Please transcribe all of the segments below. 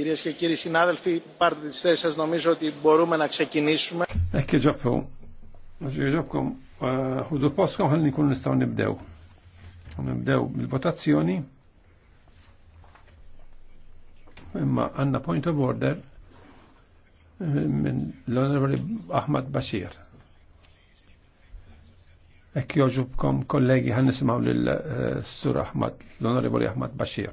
Κυρίες και κύριοι συνάδελφοι, πάρτε τις θέσεις σας. Νομίζω ότι μπορούμε να ξεκινήσουμε. Ekki ġobkom, nibdew. Imma għanna point of order minn Ahmad Bashir. Ekki ġobkom kollegi għan lill l-Sur Ahmad, l-Onorevoli Ahmad Bashir.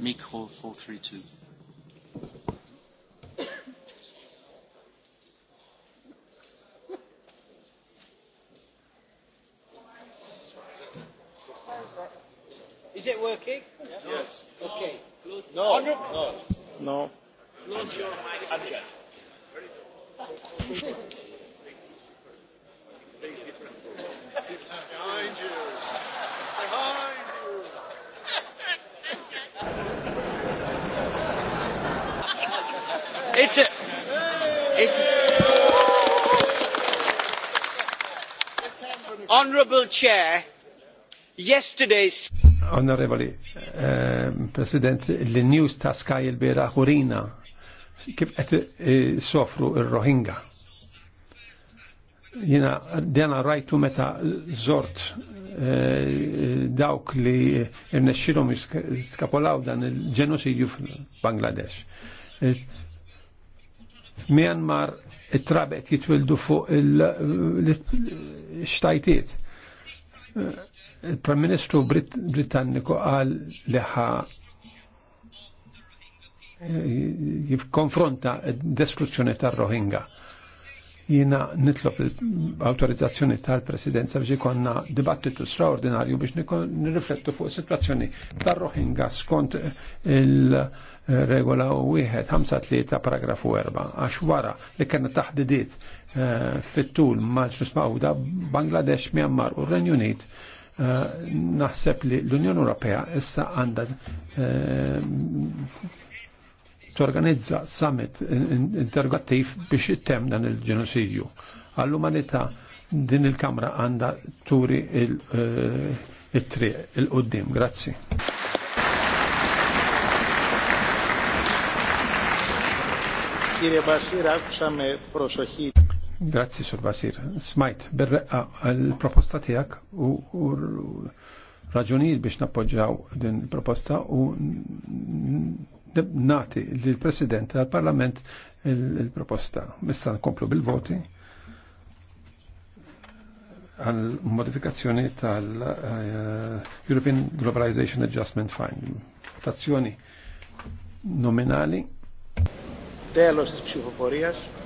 432. Is it working? Yes. Okay. No. No. No. no. Close your microphone. Behind you. Behind you. it's a, it's honorable chair yesterday's Honorable eh, President, the news ta' Sky il-bira ħurina kif qed eh, sofru ir-Rohingya. Jena dena rajtu meta zort eh, dawk li irnexxilhom jiskapolaw dan il-ġenosidju f'Bangladesh eh, Myanmar it-trabet jitwildu fuq il-xtajtiet. Il-Prim Ministru Britanniku għal liħa jifkonfronta destruzzjoni tar-Rohingya Jiena nitlob l-autorizzazzjoni tal-presidenza biex ikonna dibattitu straordinarju biex nirriflettu fuq situazzjoni tar-Rohingya skont il-regola 1-5-3 paragrafu 4 għax wara li kena taħdidiet eh, fit-tul maġnus mawda Bangladesh, Myanmar u Renju Unit eh, naħseb li l-Unjoni Ewropea issa għandha eh, torganizza summit interrogattiv biex it-tem dan il-ġenosidju. Għall-umanità din il-Kamra għanda turi il-triq eh, il-qoddim. Grazzi. Grazie Μπασίρ, Grazzi, Sur Basir. Smajt, berreqqa l-proposta tijak u raġunijiet biex nappoġġaw din il-proposta u nati l-President tal-Parlament il-proposta. Missa nkomplu bil-voti għal modifikazzjoni tal-European uh, Globalization Adjustment Fund. Votazzjoni nominali. Delos της ψηφοφορίας.